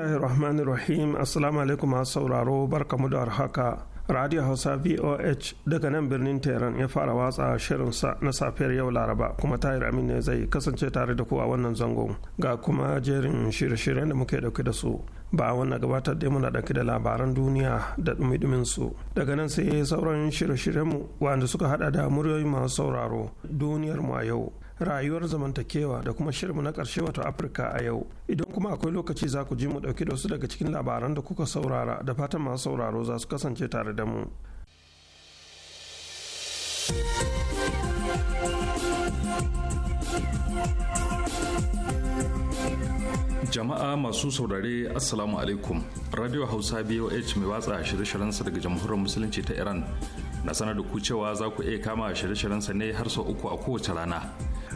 rahmanir rahim assalamu alaikum masu sauraro mu da haka radio hausa voh daga nan birnin tehran ya fara watsa shirinsa na safiyar yau laraba kuma tahir amin ne zai kasance tare da ku a wannan zangon ga kuma jerin shirye-shiryen da muke dauke da su ba wannan gabatar da muna dauke da labaran duniya da dumi su daga nan sai sauran shirye-shiryenmu wanda suka hada da muryoyi masu sauraro duniyar mu a yau rayuwar zamantakewa da kuma shirinmu na ƙarshe wato afirka a yau idan kuma akwai lokaci za ku ji mu ɗauki da wasu daga cikin labaran da kuka saurara da fatan masu sauraro za su kasance tare da mu jama'a masu saurare assalamu alaikum radio hausa boh mai watsa shirye-shiryensa daga jamhuriyar musulunci ta iran na sanar da ku cewa za ku iya kama shirye-shiryensa ne har sau uku a kowace rana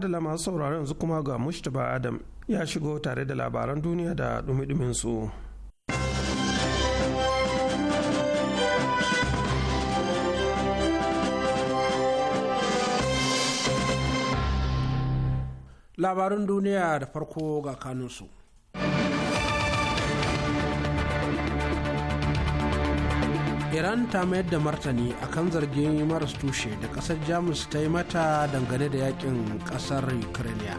da masu sauraron yanzu kuma ga Mustapha Adam ya shigo tare da labaran duniya da dumi su. Labaran duniya da farko ga kanunsu. iran ta mayar da martani akan zargin maras tushe da kasar jamus ta yi mata dangane da yakin kasar ukraine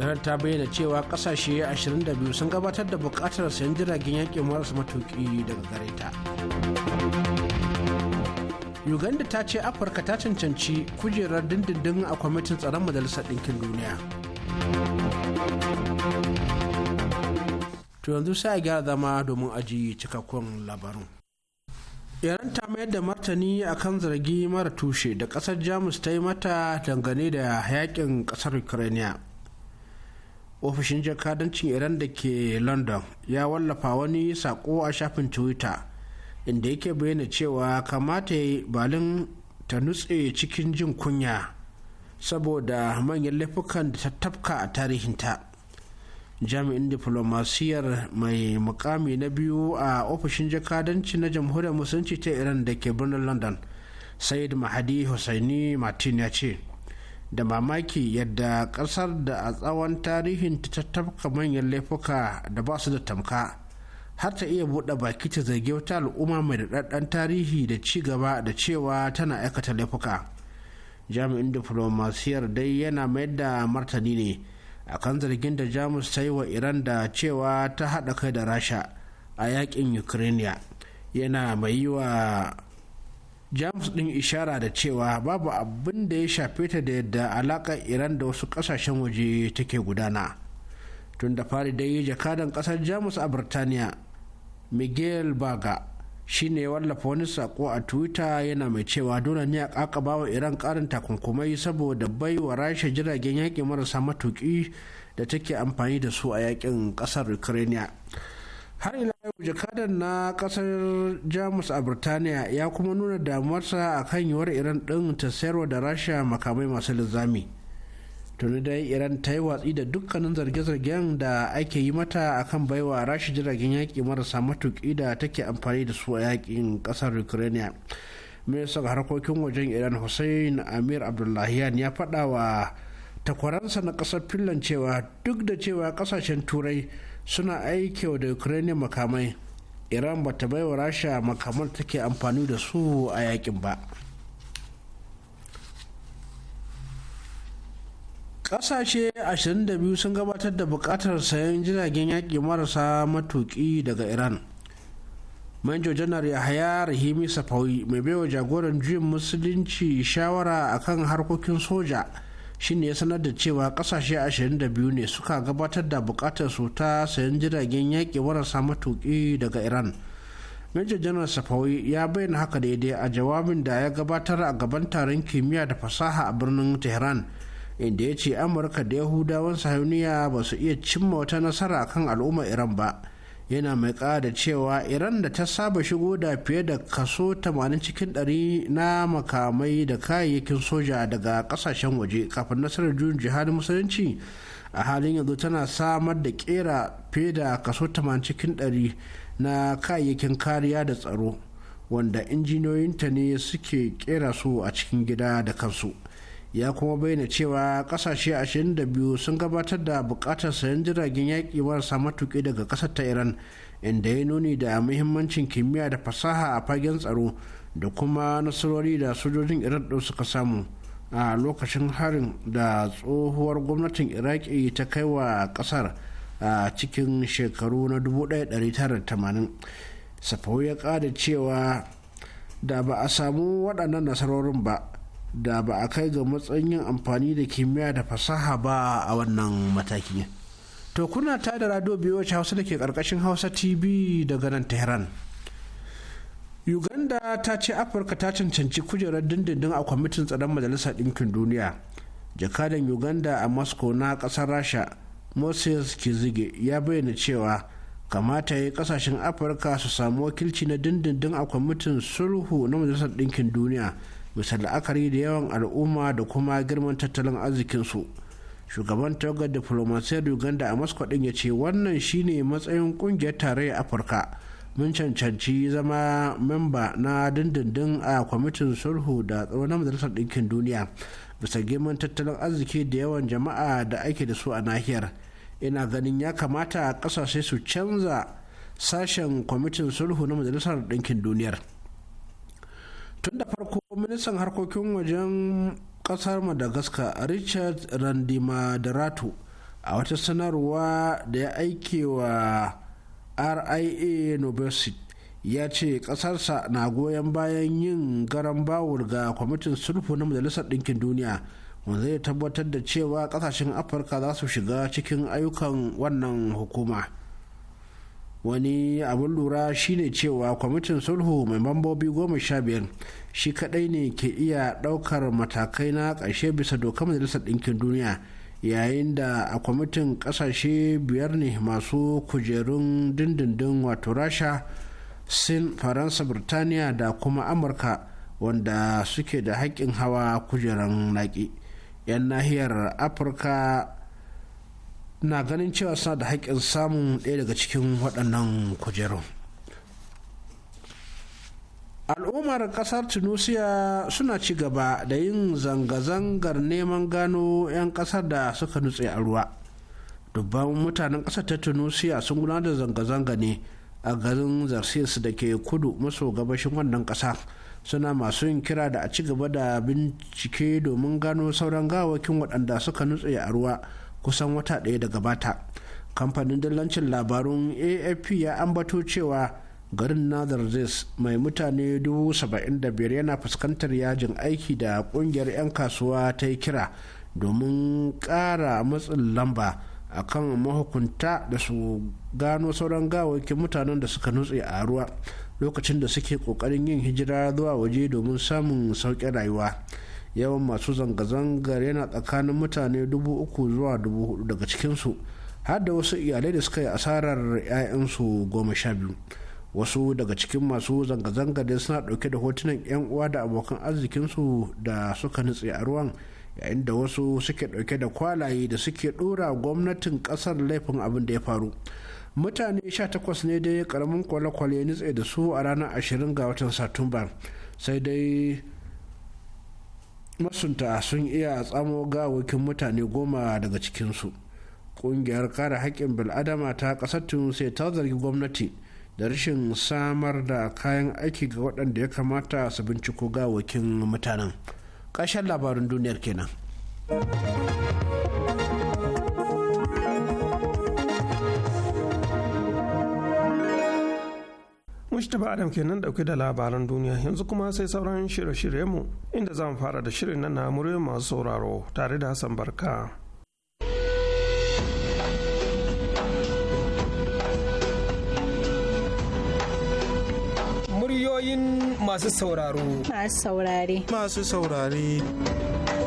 iran ta bayyana cewa kasashe 22 sun gabatar da bukatar sayan jiragen yakin maras matuki daga gare uganda ta ce afirka ta cancanci kujerar dindindin a kwamitin tsaron majalisar ɗinkin duniya to yanzu sai gyara zama domin aji cikakkun labarin iran ta mayar da martani akan zargi mara tushe da kasar jamus ta yi mata dangane da yakin kasar ukraine ofishin jakadancin iran da ke london ya wallafa wani sako a shafin twitter inda yake bayyana cewa kamata balin ta nutse cikin jin kunya saboda manyan laifukan da ta tafka a tarihinta. jami'in diflomasiyar mai mukami na biyu a ofishin jakadanci na jamhuriyar musulunci ta iran da ke birnin london said mahadi hussaini martin ya ce da mamaki yadda kasar da a tsawon tarihin ta tafka manyan laifuka da ba su da tamka har ta iya buɗe baki ta zargi wata al'umma mai daɗaɗɗen tarihi da ci gaba da cewa tana aikata laifuka jami'in diflomasiyar dai yana mayar da martani ne a kan zargin da jamus ta yi wa iran da cewa ta haɗa kai da rasha a yakin ukraine yana mai yi wa jamus ɗin ishara da cewa babu abin da ya shafe ta da yadda alaƙar iran da wasu ƙasashen waje take gudana tun da fari dai jakadan ƙasar jamus a birtaniya miguel baga shine ya wallafa wani sako a twitter yana mai cewa dole ne a kakaba wa iran karin takunkumai saboda bai wa rasha jiragen yaƙi marasa matuƙi da take amfani da su a yaƙin ƙasar ukraine har ila yau jakadar na ƙasar jamus a birtaniya ya kuma nuna damuwarsa a kan yiwuwar iran ɗin ta sayarwa da rasha makamai masu linzami. tuni dai iran ta yi watsi da dukkanin zarge-zargen da ake yi mata a kan baiwa rashi jiragen yaƙi marasa matuƙi da take amfani da su a yaƙin ƙasar ukraine ministan harkokin wajen iran hussein amir abdullahian ya faɗa wa takwaransa na ƙasar finland cewa duk da cewa ƙasashen turai suna aiki da ukraine makamai iran ba ta baiwa rasha makamar take amfani da su a yaƙin ba. Ƙasashe 22 sun gabatar da bukatar sayan jiragen yaƙi marasa matuƙi daga Iran. Manjo janar Yahaya Rahimi Safawi mai baiwa jagoran juyin musulunci shawara akan harkokin soja shine ya sanar da cewa ƙasashe 22 ne suka gabatar da buƙatar su ta sayan jiragen yaƙi marasa matuƙi daga Iran. Major janar Safawi ya bayyana haka daidai a jawabin da ya gabatar a gaban taron kimiyya da fasaha a birnin Tehran inda ya ce amurka da yahudawan sahuniya ba su iya cimma wata nasara kan al'umma iran ba yana mai da cewa iran da ta saba shigo da fiye da kaso 80 cikin 100 na makamai da kayayyakin soja daga kasashen waje kafin nasarar juyin jihadin musulunci a halin yanzu tana samar da kera fiye da kaso 80 cikin 100 na kayayyakin kariya da tsaro wanda injiniyoyinta ne suke kera su a cikin gida da kansu. ya kuma bayyana cewa kasashe 22 sun gabatar da bukatar sayan jiragen yaƙi marasa matuƙi daga ƙasar ta iran inda ya nuni da muhimmancin kimiyya da fasaha a fagen tsaro da kuma nasarori da sojojin iran ɗin suka samu a lokacin harin da tsohuwar gwamnatin iraki ta kai wa ƙasar a cikin shekaru na 1980 safau ya ƙada cewa da ba a samu waɗannan nasarorin ba da ba a kai ga matsayin yin amfani da kimiyya da fasaha ba a wannan mataki to kuna ta da rado biyu wacce hausa da ke karkashin hausa tv daga nan tehran uganda ta ce afirka ta cancanci kujerar dindindin a kwamitin tsaron majalisar ɗinkin duniya jakadan uganda a moscow na ƙasar rasha moses kizige ya bayyana cewa kamata ya yi kasashen afirka su samu wakilci na dindindin a kwamitin sulhu na majalisar ɗinkin duniya bisa la'akari da yawan al'umma da kuma girman tattalin arzikinsu shugaban tawagar diplomasiyar uganda a moscow din ya ce wannan shine matsayin kungiyar tarayyar afirka mun cancanci zama memba na dindindin a kwamitin sulhu da tsaro na majalisar ɗinkin duniya bisa girman tattalin arziki da yawan jama'a da ake da su a nahiyar ina ganin ya kamata kasashe su canza sashen kwamitin sulhu na majalisar dinkin duniyar tun da farko ministan harkokin wajen kasar madagascar richard randimadarato a wata sanarwa da ya aike wa ria nobesit ya ce kasarsa na goyon bayan yin garan bawul ga kwamitin sulhu na majalisar ɗinkin duniya wanda zai tabbatar da cewa kasashen afirka za su shiga cikin ayyukan wannan hukuma. wani abin lura shine cewa kwamitin sulhu mai mambobi goma sha biyar shi kadai ne ke iya daukar matakai na ƙarshe bisa dokar majalisar ɗinkin duniya yayin da a kwamitin ƙasashe biyar ne masu kujerun dindindin wato rasha sin faransa birtaniya da kuma amurka wanda suke da haƙƙin hawa kujeran naƙi 'yan nahiyar afirka na ganin cewa suna da haƙƙin samun ɗaya daga cikin waɗannan kujerun al'ummar ƙasar tunisia suna ci gaba da yin zanga-zangar neman gano 'yan ƙasar da suka nutse a ruwa dubban mutanen ƙasar ta tunisia sun gudanar da zanga-zanga ne a garin zarsis da ke kudu maso gabashin wannan ƙasa suna masu yin kira da a ci gaba da bincike domin gano sauran gawakin waɗanda suka nutse a ruwa kusan wata ɗaya da gabata kamfanin dillancin labarun afp ya ambato cewa garin nazardis mai mutane 75,000 yana fuskantar yajin aiki da kungiyar 'yan kasuwa ta yi kira domin ƙara matsin lamba a kan mahukunta da su gano sauran gawakin mutanen da suka nutse a ruwa lokacin da suke ƙoƙarin yin hijira zuwa waje domin samun sauƙin rayuwa. yawan masu zanga-zangar yana tsakanin mutane dubu zuwa dubu hudu daga cikinsu har da wasu iyalai da suka yi asarar 'ya'yansu goma sha biyu wasu daga cikin masu zanga-zangar da suna dauke da hotunan 'yan uwa da abokan arzikinsu da suka nutse a ruwan yayin da wasu suke dauke da kwalaye da suke dora gwamnatin kasar laifin abin da ya faru mutane 18 ne dai karamin kwale-kwale nutse da su a ranar 20 ga watan satumba sai dai masunta sun iya tsamo gawakin mutane goma daga cikinsu ƙungiyar kare haƙƙin bil'adama ta ƙasar sai ta zargi gwamnati da rashin samar da kayan aiki ga waɗanda ya kamata su binciko gawakin mutanen ƙarshen labarin duniyar kenan. Mustapha Adam kenan dauke da labaran duniya yanzu kuma sai sauran shirye-shiryenmu inda zamu fara da shirin nan na muryoyin masu sauraro tare da Hassan Barka. Muryoyin masu sauraro. Masu saurare. Masu saurare.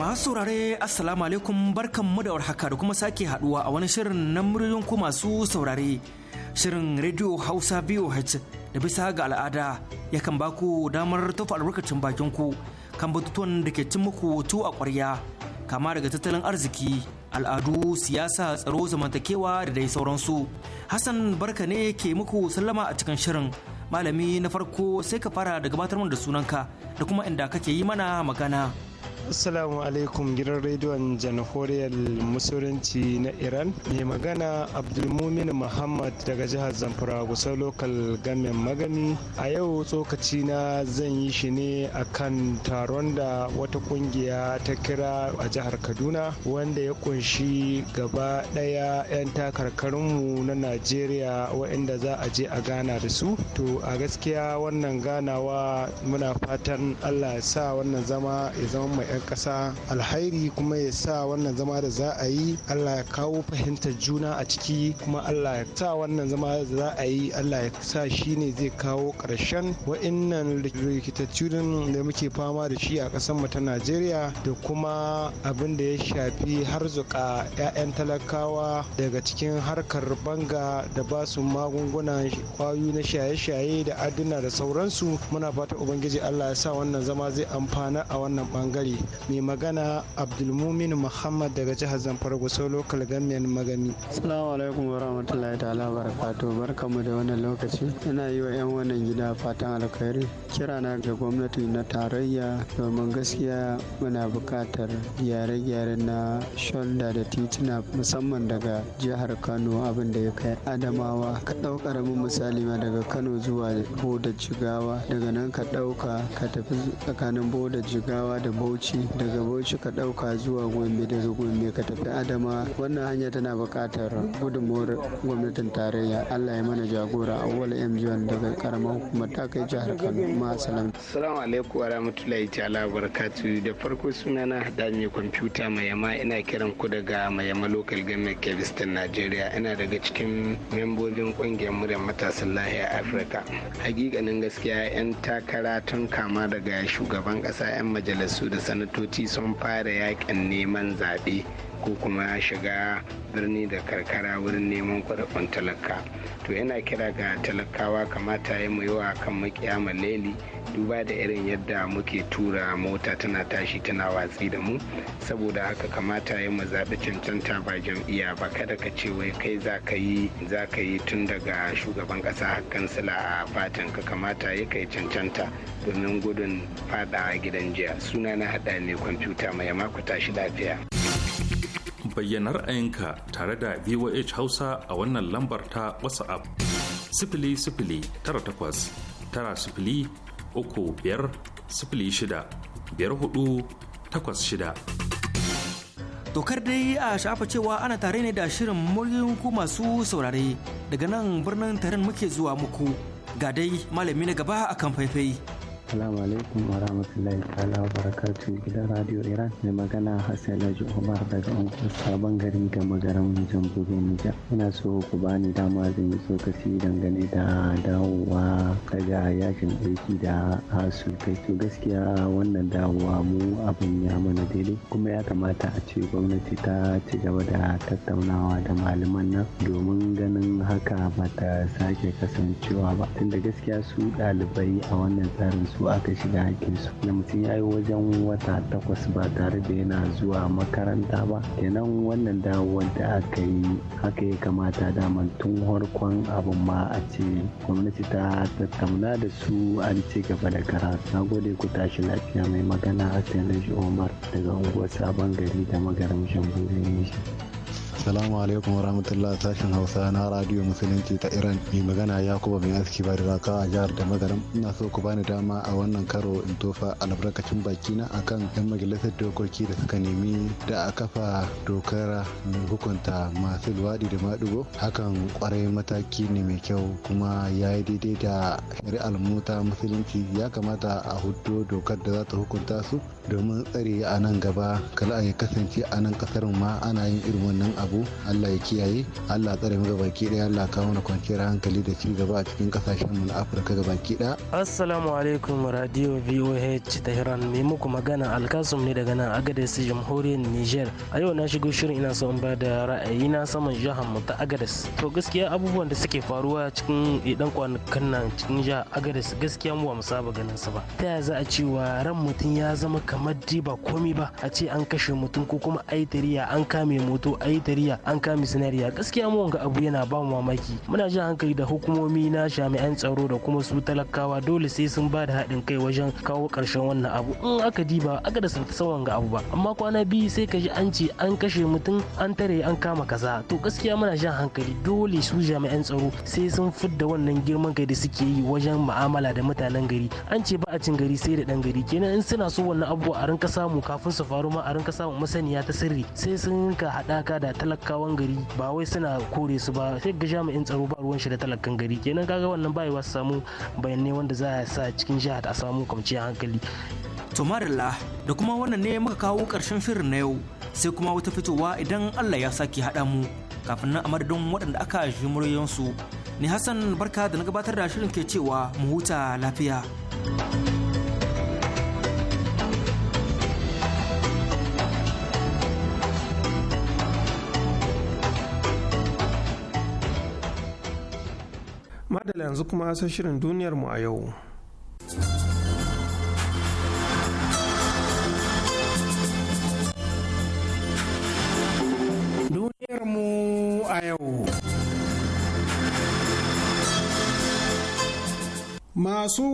Masu saurare Assalamu alaikum mu da warhaka da kuma sake haduwa a wani shirin na muryoyin ku masu saurare. Shirin Radio Hausa VOH da bisa ga al'ada yakan baku damar tofa albarkacin bakin ku kan batutuwan da ke cin muku tu a ƙwarya kama daga tattalin arziki, al'adu, siyasa, tsaro, zamantakewa da dai sauransu. Hassan barka ne ke muku sallama a cikin shirin. Malami na farko sai ka fara da gabatar da sunanka da kuma inda kake yi mana magana. Assalamu alaikum gidan rediyon janahoriyar musulunci na Iran. Mai magana Abdulmumin Muhammad daga jihar Zamfara kusa lokal gamin magani. A yau tsokaci na zan yi shi ne akan taron da wata kungiya ta kira a jihar Kaduna wanda ya kunshi gaba ɗaya 'yan takarkarinmu na Najeriya waɗanda za a je a gana da su. To a gaskiya wannan ganawa muna fatan Allah ya sa wannan zama ya zama mai 'yan ƙasa alhairi kuma ya sa wannan zama da za a yi allah ya kawo fahimtar juna a ciki kuma allah ya sa wannan zama da za a yi allah ya sa shi ne zai kawo ƙarshen wa'innan rikitattun da muke fama da shi a ƙasar mu ta najeriya da kuma abin da ya shafi harzuka 'ya'yan talakawa daga cikin harkar banga da ba su magunguna kwayoyi na shaye-shaye da aduna da sauransu muna fata ubangiji allah ya sa wannan zama zai amfana a wannan bangare mai magana abdulmumin muhammad daga jihar zamfara gusau local government magani Salamu alaikum wa rahmatullahi ta'ala barakatu barkamu da wannan lokaci ina yi wa 'yan wannan gida fatan alkhairi kira na ga gwamnati na tarayya domin gaskiya muna buƙatar gyare-gyare na shalda da tituna musamman daga jihar kano abin da ya kai adamawa ka ɗaukar mu misali ma daga kano zuwa bodar jigawa daga nan ka ɗauka ka tafi tsakanin boda jigawa da bauchi Bauchi daga Bauchi ka ɗauka zuwa Gombe daga Gombe ka tafi Adama wannan hanya tana buƙatar gudunmuwar gwamnatin tarayya Allah ya mana jagora a M mjn daga karamar hukumar ta kai jihar Kano ma salam Assalamu alaikum wa rahmatullahi ta'ala barakatu da farko sunana hada mai kwamfuta mayama ina kiran ku daga mayama local government Kebistan nigeria. ina daga cikin membobin kungiyar muryar matasan lahiyar Afirka hakikanin gaskiya 'yan takara tun kama daga shugaban kasa 'yan majalisu da san gwamnatoci sun fara yaƙin neman zaɓe ko kuma ya shiga birni da karkara wurin neman kuɗaɗen talaka to yana kira ga talakawa kamata ya mu yawa kan makiyama laili duba da irin yadda muke tura mota tana tashi tana watsi da mu saboda haka kamata ya mu zaɓi cancanta ba jam'iyya ba kada ka ce wai kai za ka yi za ka yi tun daga shugaban ƙasa hakan sila a fatan ka kamata ya kai cancanta domin gudun faɗa gidan jiya suna na haɗa ne kwamfuta mai mako tashi lafiya. bayyana ra'ayinka tare da voh hausa a wannan lambar ta whatsapp sifili sifili tara takwas tara sifili uku biyar sifili shida biyar hudu takwas shida Dokar dai a shafa cewa ana tare ne da shirin muryin ku masu saurare daga nan birnin tarin muke zuwa muku ga dai malami na gaba akan faifai. Assalamu alaikum wa ta'ala wa barakatuhu gidan Radio Iran mai magana Hassan Laji Umar daga Unguwar Sabon Gari gama Magaran Jamhuriyar Nijar. Ina so ku bani dama zan yi tsokaci dangane da dawowa daga yakin aiki da asu kai to gaskiya wannan dawowa mu abin ya mana daidai kuma ya kamata a ce gwamnati ta ci gaba da tattaunawa da malaman nan domin ganin haka ba ta sake kasancewa ba tunda gaskiya su ɗalibai a wannan tsarin su su aka shiga su da mutum ya yi wajen wata takwas ba tare da yana zuwa makaranta ba kenan wannan dawowar da aka yi haka ya kamata daman tun harkon abin ma a ce gwamnati ta tattauna da su an ci gaba da karatu na gode ku tashi lafiya mai magana hassan laji omar daga unguwar sabon gari da magarin shambu da Salamu alaikum wa rahmatullah sashen Hausa na Radio Musulunci ta Iran. Mai magana Yakuba mai aski ba da raka a jihar da magaram. Ina so ku bani dama a wannan karo in tofa albarkacin bakina akan yan majalisar dokoki da suka nemi da a kafa dokar hukunta masu luwaɗi da maɗigo. Hakan kwarai mataki ne mai kyau kuma ya yi daidai da shari'ar mota musulunci ya kamata a hudo dokar da za ta hukunta su domin tsare a nan gaba kala ya kasance a nan kasar ma ana yin irin wannan abu allah ya kiyaye allah tsare mu gabaki daya allah kawo na kwanciyar hankali da ci gaba a cikin kasashen mu na afirka gabaki daya assalamu alaikum radio voh tehran mai muku magana alkasum ne daga nan agadez jamhuriyar niger a yau na shigo shirin ina son ba da ra'ayi na saman jihar mu ta agadez to gaskiya abubuwan da suke faruwa cikin idan kwanakan nan cikin jihar agadez gaskiya mu ba mu saba ganin su ba ta yaya za a cewa ran mutum ya zama kamar maddi ba komi ba a ce an kashe mutum ko kuma ayi tariya an kame moto ayi tariya an kame sinariya gaskiya mu wanga abu yana ba mu mamaki muna jin hankali da hukumomi na jami'an tsaro da kuma su talakawa dole sai sun ba da haɗin kai wajen kawo ƙarshen wannan abu in aka ba aka da sun san wanga abu ba amma kwana biyu sai ka ji an ce an kashe mutum an tare an kama kaza to gaskiya muna jin hankali dole su jami'an tsaro sai sun fidda wannan girman kai da suke yi wajen mu'amala da mutanen gari an ce ba a cin gari sai da ɗan gari kenan in suna so wannan abu abubuwa a rinka samu kafin su faru ma a rinka samu masaniya ta sirri sai sun rinka haɗaka da talakawan gari ba wai suna kore su ba sai ga jami'in tsaro ba ruwan shi da talakan gari kenan kaga wannan bai su samu bayanai wanda za a sa cikin jihar a samu kwanciyar hankali. to marilla da kuma wannan ne muka kawo karshen shirin na yau sai kuma wata fitowa idan allah ya sake haɗa mu kafin nan a madadin waɗanda aka ji muryansu ni hassan barka da na gabatar da shirin ke cewa mu huta lafiya. madala yanzu kuma sai shirin duniyar mu a yau duniyar mu a yau Masu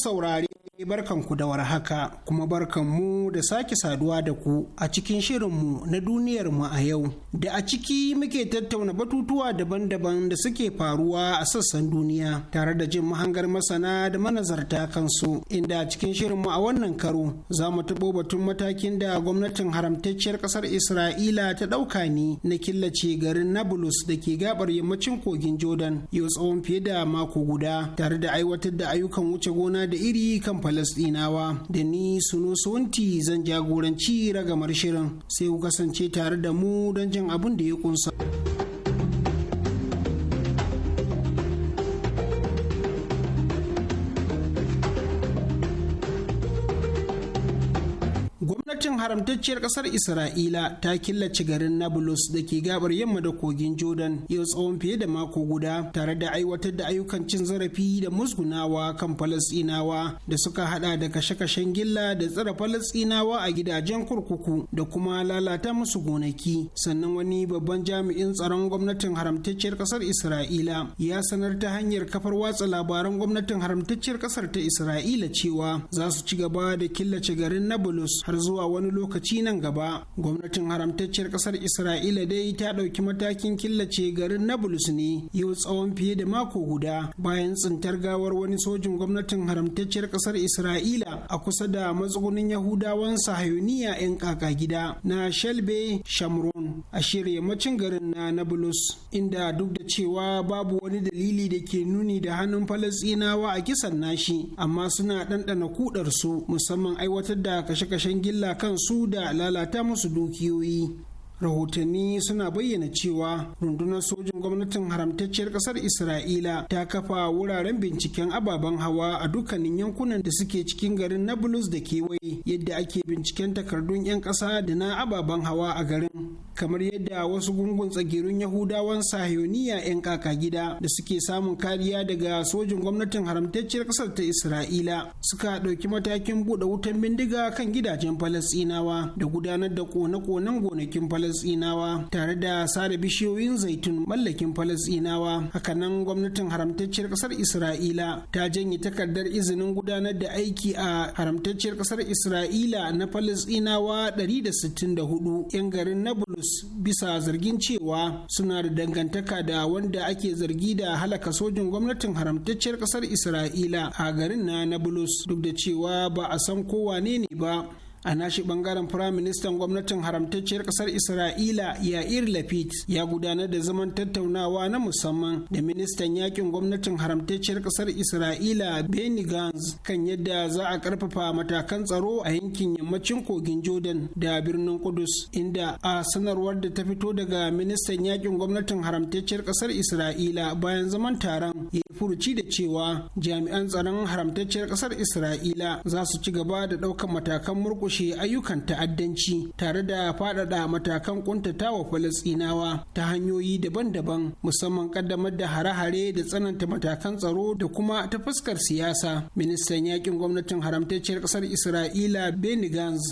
saurari. Barkanku da warhaka kuma barkanmu da sake saduwa da ku a cikin shirinmu na duniyarmu a yau da a ciki muke tattauna batutuwa daban-daban da suke faruwa a sassan duniya tare da jin mahangar masana da manazarta kansu inda a cikin shirinmu a wannan karo za mu taɓo batun matakin da gwamnatin haramtacciyar ƙasar Isra'ila ta ɗauka ne na killace garin Nablus da ke gabar yammacin kogin Jordan yau tsawon fiye da mako guda tare da aiwatar da ayyukan wuce gona da iri kan Falasɗinawa da ni Suno Suwanti zan jagoranci ragamar shirin sai ku kasance tare da mu don jin abin da ya kunsa. haramtacciyar kasar isra'ila ta killace garin nablus da ke gabar yamma da kogin jordan yau tsawon fiye da mako guda tare da aiwatar da ayyukan cin zarafi da musgunawa kan falasɗinawa da suka hada da kashe-kashen gilla da tsare falasɗinawa a gidajen kurkuku da kuma lalata musu gonaki sannan wani babban jami'in tsaron gwamnatin haramtacciyar kasar isra'ila ya sanar ta hanyar kafar watsa labaran gwamnatin haramtacciyar kasar ta isra'ila cewa za su ci gaba da killace garin nablus har zuwa wani lokaci nan gaba gwamnatin haramtacciyar kasar isra'ila dai ta ɗauki matakin killace garin nablus ne yau tsawon fiye da mako guda bayan tsintar gawar wani sojin gwamnatin haramtacciyar kasar isra'ila a kusa da matsugunin yahudawan sahayoniya 'yan kaka gida na shelbe shamron a shirya macin garin na nablus inda duk da cewa babu wani dalili da ke nuni da hannun falasinawa a kisan nashi amma suna ɗanɗana kudar su musamman aiwatar da kashe-kashen gilla kansu su da lalata musu dukiyoyi rahotanni suna bayyana cewa rundunar sojin gwamnatin haramtacciyar ƙasar isra'ila ta kafa wuraren binciken ababen hawa a dukkanin yankunan da suke cikin garin nablus da kewaye yadda ake binciken takardun 'yan ƙasa da na ababen hawa a garin kamar yadda wasu gungun tsagirin yahudawan sahiyoniya 'yan kaka gida da suke samun kariya daga sojin gwamnatin haramtacciyar kasar ta isra'ila suka ɗauki matakin buɗe wutan bindiga kan gidajen Falasinawa da gudanar da kone-konen gonakin Falasinawa tare da sare bishiyoyin zaitun mallakin Falasinawa, hakanan gwamnatin haramtacciyar kasar isra'ila ta janye takardar izinin gudanar da aiki a haramtacciyar kasar isra'ila na falasɗinawa 164 'yan garin nablus news bisa zargin cewa suna da dangantaka da wanda ake zargi da halaka sojin gwamnatin haramtacciyar kasar Isra'ila a garin na Nablus duk da cewa ba a san kowa ne ba. a nashi bangaren firaministan gwamnatin haramtacciyar kasar isra'ila yair lapid ya gudanar da zaman tattaunawa na musamman da ministan yakin gwamnatin haramtacciyar kasar isra'ila benny gantz kan yadda za a karfafa matakan tsaro a yankin yammacin kogin jordan da birnin kudus inda a sanarwar da ta fito daga ministan yakin gwamnatin haramtacciyar kasar isra'ila bayan zaman taron ya furuci da cewa jami'an tsaron haramtacciyar kasar isra'ila za su ci gaba da ɗaukar matakan murkushe murkushe ayyukan ta'addanci tare da faɗaɗa matakan ƙuntatawa Falasɗinawa ta hanyoyi daban-daban musamman ƙaddamar da hare-hare da tsananta matakan tsaro da kuma ta fuskar siyasa. Ministan yakin gwamnatin haramtacciyar ƙasar Isra'ila Benny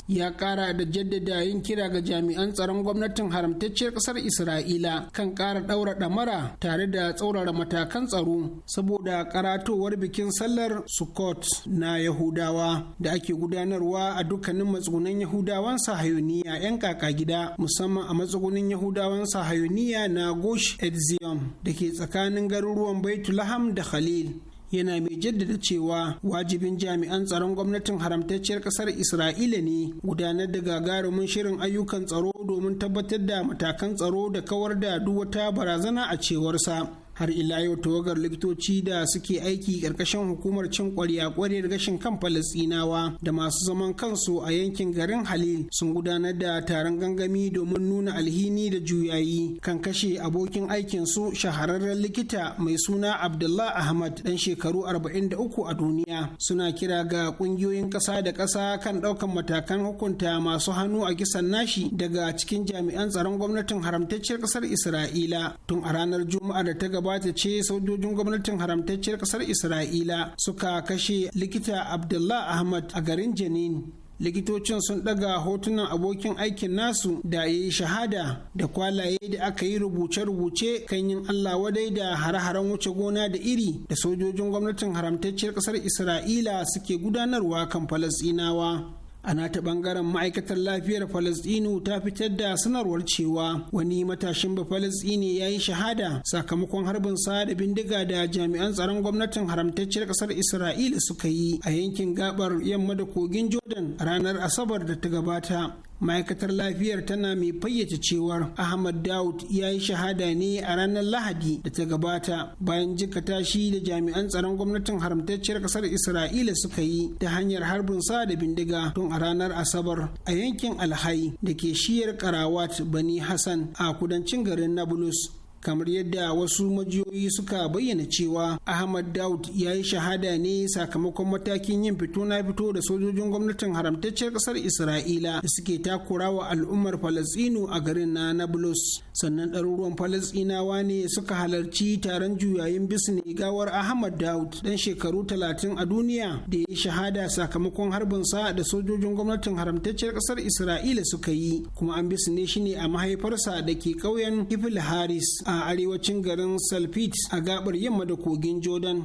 ya ƙara da jaddada yin kira ga jami'an tsaron gwamnatin haramtacciyar ƙasar Isra'ila kan ƙara ɗaura ɗamara tare da tsaurara matakan tsaro saboda karatowar bikin sallar Sukkot na Yahudawa da ake gudanarwa a dukkanin matsugunan yahudawan sahayoniya 'yan kaka gida musamman a matsugunan yahudawan sahayoniya na gosh Edzion da ke tsakanin garuruwan baitulaham da khalil yana mai jaddada cewa wajibin jami'an tsaron gwamnatin haramtacciyar kasar isra'ila ne gudanar da gagarumin shirin ayyukan tsaro domin tabbatar da matakan tsaro da kawar da duk wata barazana a cewarsa har ila yau tawagar likitoci da suke aiki ƙarƙashin hukumar cin ƙwarya ƙwarar gashin kan falastinawa da masu zaman kansu a yankin garin halil sun gudanar da taron gangami domin nuna alhini da juyayi kan kashe abokin aikin su shahararren likita mai suna abdullah ahmad dan shekaru 43 a duniya suna kira ga ƙungiyoyin ƙasa da ƙasa kan ɗaukan matakan hukunta masu hannu a kisan nashi daga cikin jami'an tsaron gwamnatin haramtacciyar ƙasar isra'ila tun a ranar juma'a da ta gaba. wata ce sojojin gwamnatin haramtacciyar kasar isra'ila suka kashe likita abdullah ahmad a garin janin likitocin sun daga hotunan abokin aikin nasu da ya yi shahada da kwalaye da aka yi rubuce-rubuce kan yin Allah wadai da hare-haren wuce gona da iri da sojojin gwamnatin haramtacciyar kasar Isra'ila suke gudanarwa kan Falasɗinawa. a nata bangaren ma'aikatar lafiyar falasdinu ta fitar da sanarwar cewa wani matashin ba falasdini ya yi shahada sakamakon harbin sa da bindiga da jami'an tsaron gwamnatin haramtacciyar kasar isra'ila suka yi a yankin gabar yamma da kogin jordan ranar asabar da ta gabata ma'aikatar lafiyar tana mai fayyace cewar ahmad daud ya yi shahada ne a ranar lahadi da ta gabata bayan jikata shi da jami'an tsaron gwamnatin haramtacciyar kasar isra'ila suka yi ta hanyar harbin sa da bindiga tun a ranar asabar a yankin alhai da ke shiyar karawat bani hassan a kudancin garin nablus kamar yadda wasu majiyoyi suka bayyana cewa ahmad daud ya yi shahada ne sakamakon matakin yin fito na fito da sojojin gwamnatin haramtacciyar kasar isra'ila da suke takura wa al'ummar falastinu a garin na nablus sannan ɗaruruwan falastinawa ne suka halarci taron juyayin bisne gawar ahmad daud dan shekaru talatin a duniya da ya yi shahada sakamakon harbin sa da sojojin gwamnatin haramtacciyar kasar isra'ila suka yi kuma an bisne shi ne a mahaifarsa da ke ƙauyen ifil haris a arewacin garin salfit a gabar yamma da kogin jordan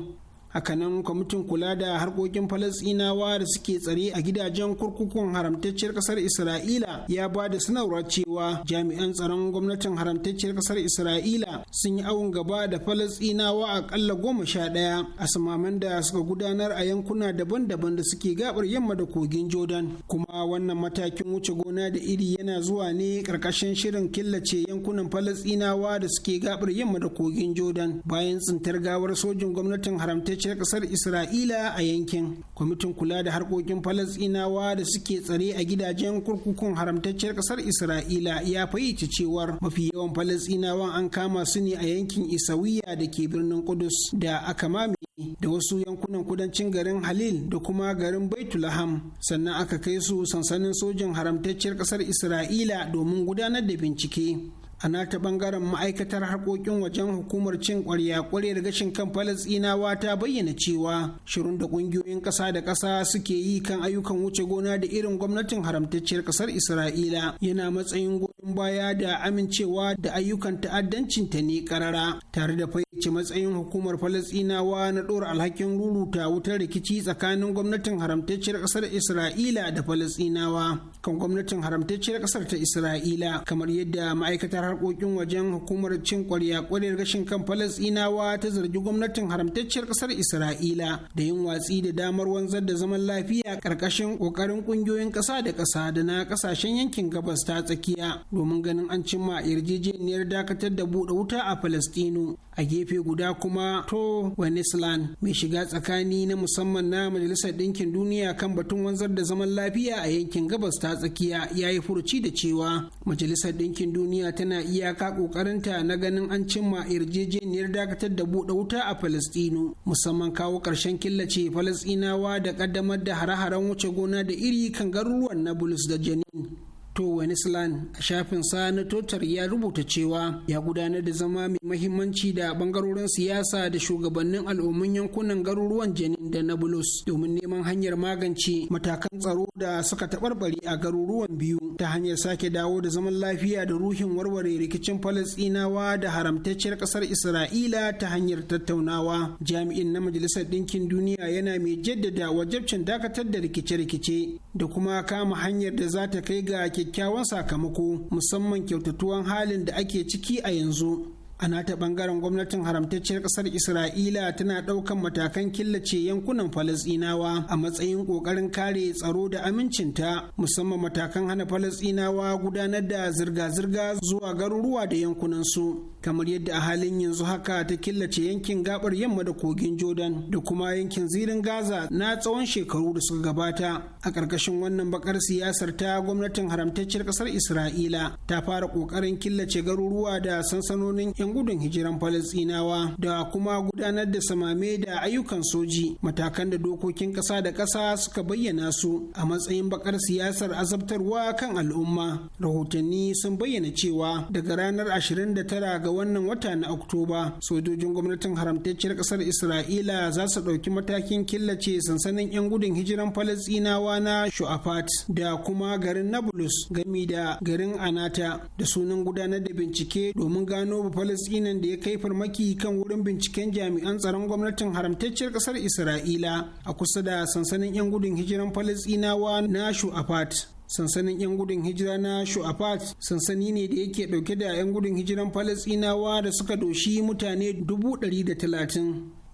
hakanan kwamitin kula da harkokin falasinawa da suke tsare a gidajen kurkukun haramtacciyar kasar isra'ila ya ba da sanarwar cewa jami'an tsaron gwamnatin haramtacciyar kasar isra'ila sun yi awon gaba da falasinawa akalla goma sha ɗaya a samaman da suka gudanar a yankuna daban-daban da suke gabar yamma da kogin jordan kuma wannan matakin wuce gona da iri yana zuwa ne ƙarƙashin shirin killace yankunan falasinawa da suke gabar yamma da kogin jordan bayan tsintar gawar sojin gwamnatin haramtacciyar haramtacciyar kasar isra'ila a yankin kwamitin kula da harkokin falasinawa da suke tsare a gidajen kurkukun haramtacciyar kasar isra'ila ya fayyace cewar mafi yawan falasinawan an kama su ne a yankin isawiya da ke birnin kudus da aka mame da wasu yankunan kudancin garin halil da kuma garin baitulaham sannan aka kai su sansanin sojin haramtacciyar kasar isra'ila domin gudanar da bincike a nata bangaren ma'aikatar harkokin wajen hukumar cin kwarya da gashin kan falasinawa ta bayyana cewa shirin da ƙungiyoyin ƙasa da ƙasa suke yi kan ayyukan wuce gona da irin gwamnatin haramtacciyar ƙasar isra'ila yana matsayin goyon baya da amincewa da ayyukan ta'addancin ta ne karara tare da fayyace matsayin hukumar falasinawa na ɗora alhakin ruruta wutar rikici tsakanin gwamnatin haramtacciyar kasar isra'ila da falasinawa kan gwamnatin haramtacciyar ƙasar ta isra'ila kamar yadda ma'aikatar harkokin wajen hukumar cin kwarya kwarar gashin kan falasɗinawa ta zargi gwamnatin haramtacciyar kasar isra'ila da yin watsi da damar wanzar da zaman lafiya karkashin kokarin kungiyoyin kasa da kasa da na kasashen yankin gabas ta tsakiya domin ganin an cimma yarjejeniyar dakatar da buɗe wuta a falasɗinu a gefe guda kuma to Wenisland mai shiga tsakani na musamman na Majalisar Ɗinkin Duniya kan batun wanzar da zaman lafiya a yankin gabas ta tsakiya ya yi furuci da cewa Majalisar Ɗinkin Duniya tana iyaka ƙoƙarinta na ganin an cimma yarjejeniyar dakatar da buɗe wuta a Falastinu musamman kawo ƙarshen killace Falastinawa da ƙaddamar da hare-haren wuce gona da iri kan garuruwan Nablus da Janin. to Wenisland a shafin sa na totar ya rubuta cewa ya gudanar da zama mai mahimmanci da bangarorin siyasa da shugabannin al'ummin yankunan garuruwan Jenin da na Nablus domin neman hanyar magance matakan tsaro da suka taɓarɓare a garuruwan biyu ta hanyar sake dawo da zaman lafiya da ruhin warware rikicin Falasɗinawa da haramtacciyar ƙasar Isra'ila ta hanyar tattaunawa. Jami'in na Majalisar Ɗinkin Duniya yana mai jaddada wajabcin dakatar da rikice-rikice da kuma kama hanyar da za ta kai ga kyakkyawan sakamako musamman kyautatuwan halin da ake ciki a yanzu a nata bangaren gwamnatin haramtacciyar kasar isra'ila tana daukan matakan killace yankunan falasinawa a matsayin kokarin kare tsaro da amincinta musamman matakan hana falasinawa gudanar da zirga-zirga zuwa garuruwa da yankunansu kamar yadda a halin yanzu haka ta killace yankin gabar yamma da kogin jordan da kuma yankin zirin gaza na tsawon shekaru da suka gabata a ƙarƙashin wannan bakar siyasar ta gwamnatin haramtacciyar kasar isra'ila ta fara ƙoƙarin killace garuruwa da sansanonin 'yan gudun hijiran falasinawa da kuma gudanar da samame da ayyukan soji matakan da dokokin kasa da kasa suka bayyana su a matsayin bakar siyasar azabtarwa kan al'umma rahotanni sun bayyana cewa daga ranar 29 ga wannan wata na oktoba sojojin gwamnatin haramtacciyar kasar isra'ila za su ɗauki matakin killace sansanin 'yan gudun hijiran falasinawa na shu'afat da kuma garin nablus gami da garin anata da sunan gudanar da bincike domin gano ba Falasɗinan da ya kai farmaki kan wurin binciken jami'an tsaron gwamnatin haramtacciyar kasar Isra'ila a kusa da sansanin 'yan gudun hijiran Falasɗinawa na Shu'afat. sansanin 'yan gudun hijira na shu'afat sansani ne da yake dauke da 'yan gudun hijiran falasinawa da suka doshi mutane dubu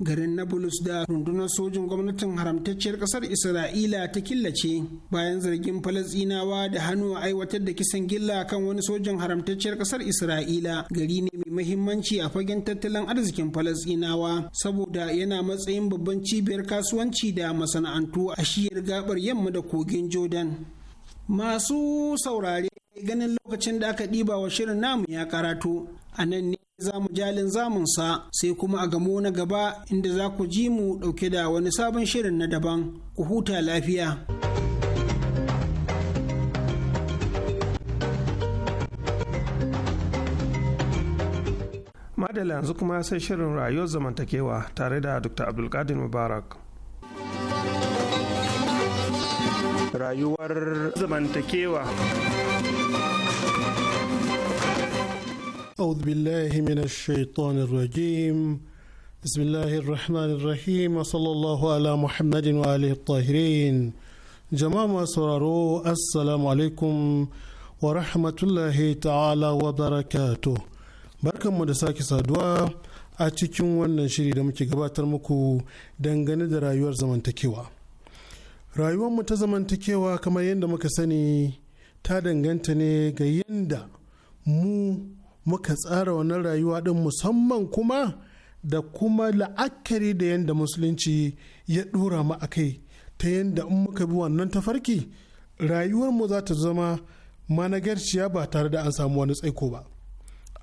garin Nablus da rundunar sojin gwamnatin haramtacciyar ƙasar Isra'ila ta killace bayan zargin Falasɗinawa da hannu a aiwatar da kisan gilla kan wani sojin haramtacciyar ƙasar Isra'ila gari ne mai mahimmanci a fagen tattalin arzikin Falasɗinawa saboda yana matsayin babban cibiyar kasuwanci da masana'antu a shiyar gabar yamma da kogin Jordan. Masu saurare ganin lokacin da aka ɗiba wa shirin namu ya karatu a nan ne za mu jalin zamunsa sai kuma a gamo na gaba inda za ku ji mu ɗauke da wani sabon shirin na daban ku huta lafiya. madala yanzu kuma sai shirin rayuwar zamantakewa tare da dr abdulkadir mubarak rayuwar zamantakewa أعوذ بالله من الشيطان الرجيم بسم الله الرحمن الرحيم وصلى الله على محمد وآله الطاهرين جماعة سرارو wa rahmatullahi ta'ala wa barakatuh barkanmu da sake saduwa a cikin wannan shiri da muke gabatar muku dangane da rayuwar zamantakewa Rayuwar mu ta zamantakewa kamar yadda muka sani ta danganta ne ga yadda mu muka tsara wannan rayuwa din musamman kuma da kuma la'akari da yadda musulunci ya dora mu a kai ta yadda in muka bi wannan tafarki rayuwarmu za ta zama managarciya ba tare da an samu wani tsaiko ba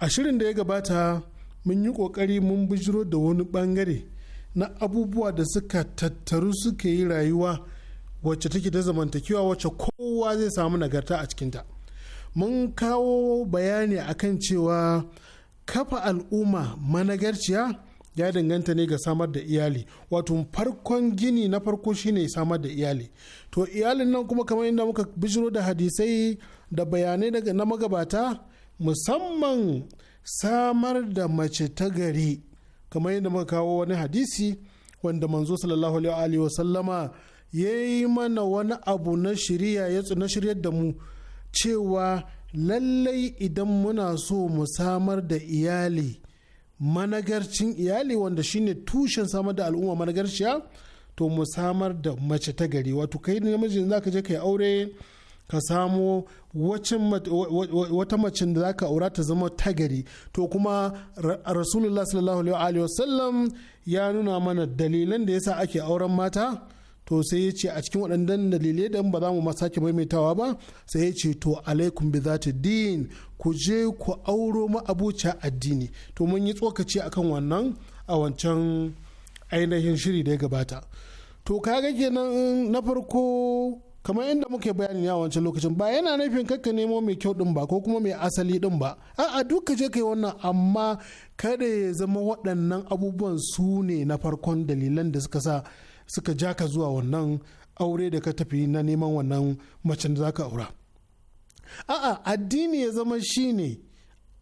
a shirin da ya gabata mun yi kokari mun bijiro da wani bangare na abubuwa da suka tattaru suka yi rayuwa wacce take ta zamantakewa wacce kowa zai samu nagarta a cikinta. mun kawo bayani akan cewa kafa al'umma managarciya ya danganta ne ga samar da iyali wato farkon gini na farko shine samar da iyali to iyalin nan kuma kamar inda muka bijiro da hadisai da bayanai daga na magabata musamman samar da mace ta gari kamar yadda muka kawo wani hadisi wanda manzo sallallahu alaihi wa sallama ya yi mana wani abu na shirya ya na shiryar da mu cewa lallai idan muna so mu samar da iyali managarcin iyali wanda shine tushen samar da al'umma managarciya to mu samar da mace ta gari wato kai namijin za ka je ka yi aure ka samo wata macin da za ka aura ta zama ta gari to kuma rasulullah sallallahu alaihi wasallam ya nuna mana dalilan da yasa ake auren mata to sai ya ce a cikin waɗannan dalilai da ba za mu ma sake maimaitawa ba sai ya ce to alaikum bi zati din ku je ku auro ma ma'abuca addini to mun yi tsokaci akan wannan a wancan ainihin shiri da ya gabata to kaga kenan na farko kamar inda muke bayani a wancan lokacin ba yana nufin kakka nemo mai kyau din ba ko kuma mai asali din ba a'a duk ka je kai wannan amma kada ya zama waɗannan abubuwan su ne na farkon dalilan da suka sa suka ja ka zuwa wannan aure da ka tafi na neman wannan macen da za ka aura a'a addini ya zama shi ne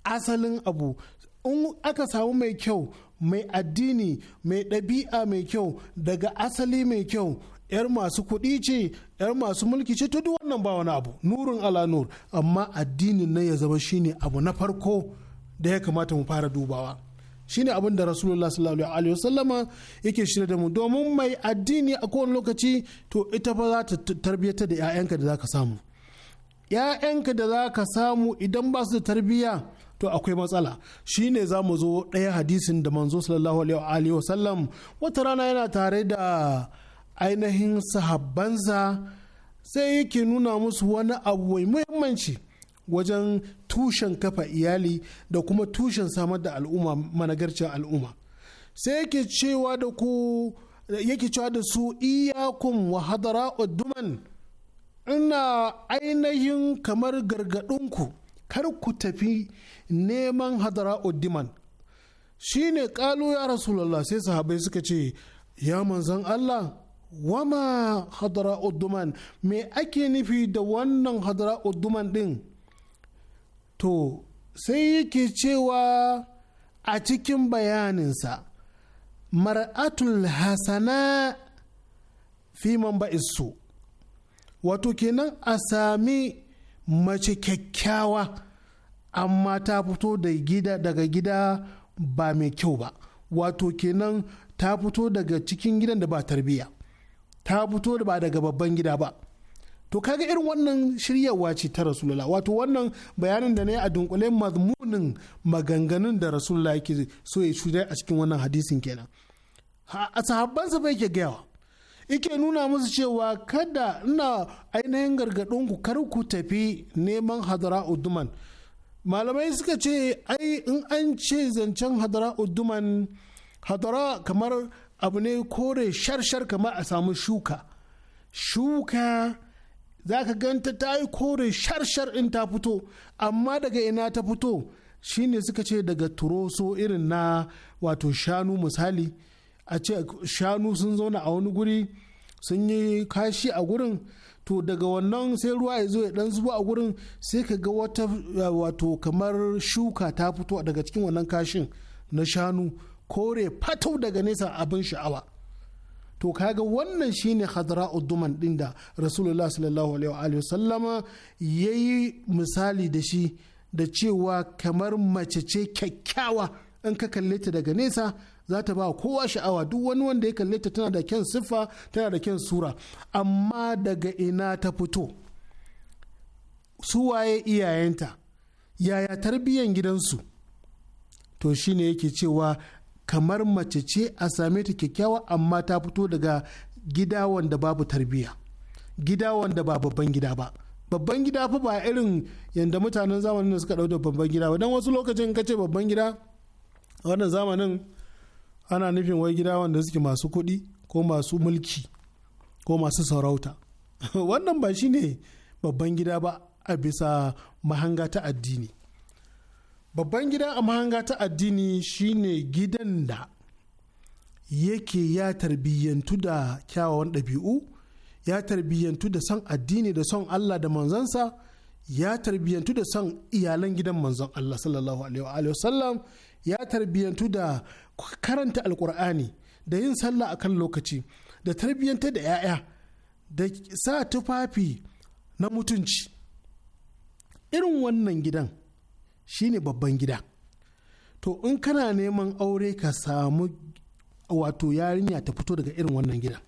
asalin abu in aka samu mai kyau mai addini mai ɗabi'a mai kyau daga asali mai kyau 'yar masu kuɗi ce 'yar masu mulki ce ta duk wannan ba wani abu nurin ala nur amma addinin na ya zama shi ne abu na farko da ya kamata mu fara dubawa shine abin da rasulullah sallallahu alaihi wasallama yake shirya da mu domin mai addini a kowane lokaci to ita fa za ta tarbiyyata da 'ya'yanka da za ka samu 'ya'yanka da za ka samu idan ba su da tarbiyya to akwai matsala shine za mu zo ɗaya hadisin da manzo sallallahu alaihi wasallam wata rana yana tare da ainihin sahabbansa sai yake nuna musu wani abu mai muhimmanci wajen tushen kafa iyali da kuma tushen samar da al'umma managarcin al'umma sai yake cewa da ku yake cewa da su iyakun wa hadara duman ina ainihin kamar gargaɗinku kar ku tafi neman hadara duman shine kalu ya rasulallah sai sahabai suka ce ya manzan Allah wama hadara duman me ake nufi da wannan hadara duman din to sai yake cewa a cikin bayaninsa mar'atul hasana fi man ba'isu wato kenan a sami mace kyakkyawa amma ta fito daga gida ba mai kyau ba wato kenan ta fito daga cikin gidan da ba tarbiyya ta fito da ba daga babban gida ba to kaga irin wannan shiryawa ce ta rasulullah wato wannan bayanin da na yi a dunkule mazmunin maganganun da rasulullah yake so ya shudar a cikin wannan hadisin kenan a sahabbansa bai ke gayawa ike nuna musu cewa kada ina ainihin gargaɗin ku kar ku tafi neman hadara uduman malamai suka ce ai in an ce zancen hadara uduman hadara kamar abu ne kore shar-shar kamar a samu shuka shuka za ka ganta ta yi kore sharshar in ta fito amma daga ina ta fito shine suka ce daga turoso irin na wato shanu misali a ce shanu sun zauna a wani guri sun yi kashi a gurin to daga wannan sai ruwa ya zo ya dan zuba a gurin sai ka ga wata wato kamar shuka ta fito daga cikin wannan kashin na shanu kore fatau daga nesa abin sha'awa to kaga wannan shine hadara uduman din da rasulullah sallallahu alaihi wa sallama ya yi misali da shi da cewa kamar mace ce kyakkyawa in ka kalle ta daga nesa za ta ba kowa sha'awa duk wani wanda ya kalle ta tana da kyan siffa tana da kyan sura amma daga ina ta fito su waye iyayenta yaya tarbiyyan gidansu to shine yake cewa kamar mace ce a same ta kyakkyawa amma ta fito daga gida wanda babu tarbiyya gida wanda ba babban gida ba babban gida fa ba irin yadda mutanen zamanin suka ɗau babban gida ba don wasu lokacin ka ce babban gida a wannan zamanin ana nufin wai gida wanda suke masu kuɗi ko masu mulki ko masu sarauta wannan ba shine babban gida ba a bisa mahanga ta addini babban gida a mahanga ta addini shine gidan da yake ya tarbiyyantu da kyawawan ɗabi'u ya tarbiyyantu da son addini da son Allah da manzansa ya tarbiyyantu da son iyalan gidan manzon Allah sallallahu alaihi wasallam ya tarbiyyantu da karanta alkur'ani da yin sallah akan lokaci da tarbiyyanta da 'ya'ya da sa tufafi na mutunci irin wannan gidan shine babban gida to in kana neman aure ka samu wato yarinya ta fito daga irin wannan gida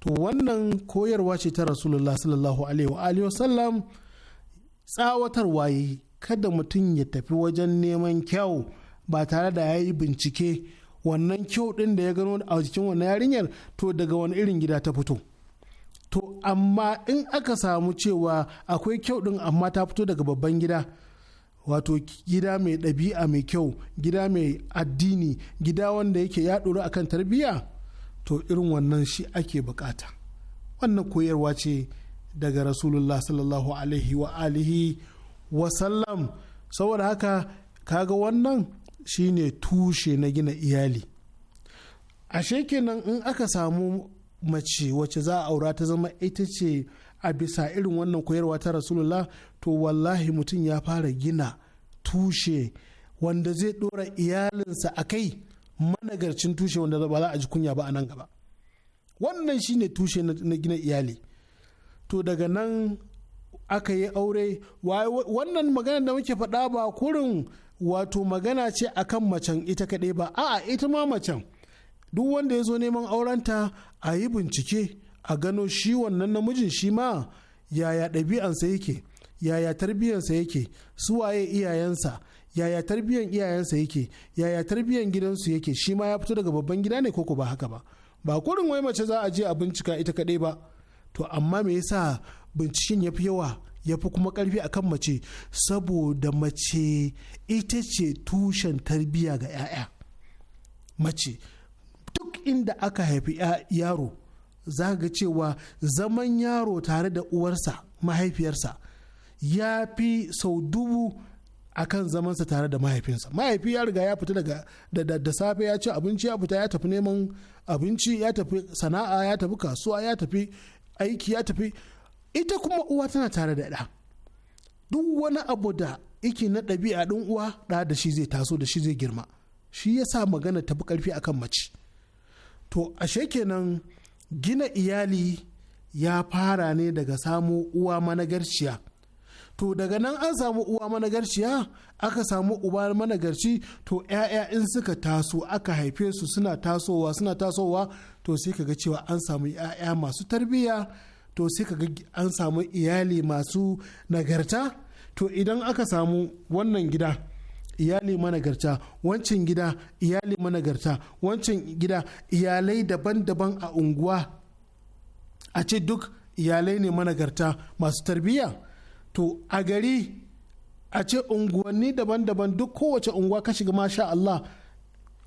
to wannan koyarwa ce ta rasulullah sallallahu alaihi wa sallam tsawatarwa yi kada mutum ya tafi wajen neman kyau ba tare da ya yi bincike wannan kyau ɗin da ya gano a jikin wannan yarinyar to daga wani irin gida ta fito to amma in aka samu cewa akwai kyau ɗin amma ta fito daga babban gida wato gida mai ɗabi'a mai kyau gida mai addini gida wanda yake ya ɗoro akan tarbiyya to irin wannan shi ake bukata wannan koyarwa ce daga rasulullah sallallahu alaihi wa alihi wasallam saboda haka kaga wannan shine tushe na gina iyali ashe kenan in aka samu mace wacce za a aura ta zama ita ce a bisa irin wannan koyarwa ta rasulullah to wallahi mutum ya fara gina tushe wanda zai dora iyalinsa a kai managarcin tushe wanda ba za a ji kunya ba a nan gaba wannan shine tushe na gina iyali to daga nan aka yi aure wannan magana da muke faɗa ba kurin wato magana ce akan macen ita kaɗai ba a'a ita ma macen duk wanda ya zo neman aurenta a yi bincike a gano shi wannan namijin shi ma yaya ɗabi'ansa yake yaya tarbiyyansa yake su suwaye iyayensa yaya tarbiyyan iyayensa yake yaya tarbiyyan gidansu yake shi ma ya fito daga babban gida ne koko ba haka ba ba kurin wai mace za a je a bincika ita kaɗai ba to amma me yasa binciken ya fi yawa ya fi kuma karfi akan mace saboda mace ita ce tushen tarbiyya ga 'ya'ya mace duk inda aka haifi yaro za ga cewa zaman yaro tare da uwarsa mahaifiyarsa ya fi sau dubu a kan zamansa tare da mahaifinsa mahaifi ya riga ya fita daga da, safe ya ci abinci ya fita ya tafi neman abinci ya tafi sana'a ya tafi kasuwa ya tafi aiki ya tafi ita kuma uwa tana tare da ɗa duk wani abu da iki na ɗabi'a ɗin uwa ɗa da shi zai taso da shi zai girma shi ya sa magana tafi ƙarfi akan mace to ashe kenan gina iyali ya fara ne daga samo uwa managarciya to daga nan an samu uwa managarciya aka samu uba managarci to 'ya'ya in suka taso aka haife su suna tasowa suna tasowa to sai kaga cewa an samu 'ya'ya masu tarbiyya to sai kaga an samu iyali masu nagarta to idan aka samu wannan gida iyali managarta wancan gida iyali managarta wancan gida iyalai daban-daban a unguwa a ce duk iyalai ne managarta masu tarbiyya to a gari a ce unguwanni daban-daban duk kowace unguwa ka shiga masha Allah